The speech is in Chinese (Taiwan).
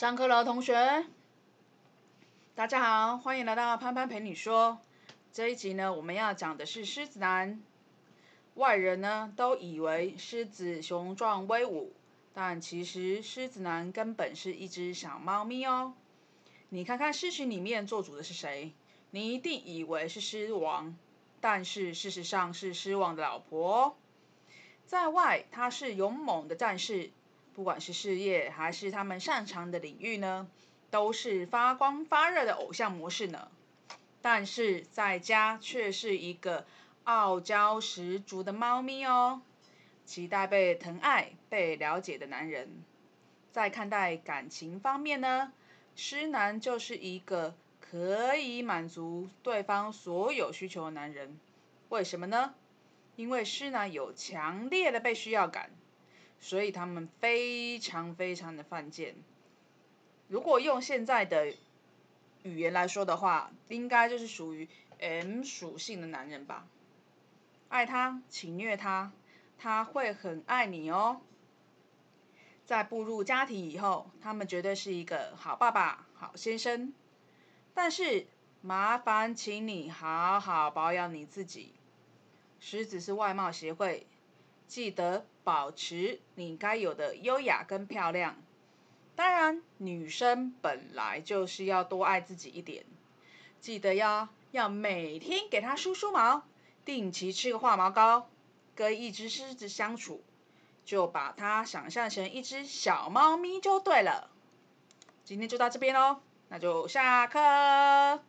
上課了，同學。大家好，歡迎來到潘潘陪你說。這一集呢，我們要講的是獅子男。外人呢都以為獅子雄壯威武，但其實獅子男根本是一隻小貓咪哦。你看看獅群裡面做主的是誰？你一定以為是獅王，但是事實上是獅王的老婆哦。在外，他是勇猛的戰士。不管是事業還是他們擅長的領域呢，都是發光發熱的偶像模式呢。但是在家卻是一個傲嬌十足的貓咪哦。期待被疼愛、被了解的男人。在看待感情方面呢，獅男就是一個可以滿足對方所有需求的男人。為什麼呢？因為獅男有強烈的被需要感。所以他們非常非常的犯賤。如果用現在的語言來說的話，應該就是屬於 M 屬性的男人吧。愛他，請虐他，他會很愛你哦。在步入家庭以後，他們絕對是一個好爸爸、好先生。但是麻煩，請你好好保養你自己。獅子是外貌協會。記得保持你該有的優雅跟漂亮。當然，女生本來就是要多愛自己一點。記得要，要每天給它梳梳毛，定期吃個化毛膏，跟一隻獅子相處，就把它想象成一隻小貓咪就對了。今天就到這邊嘍，那就下課。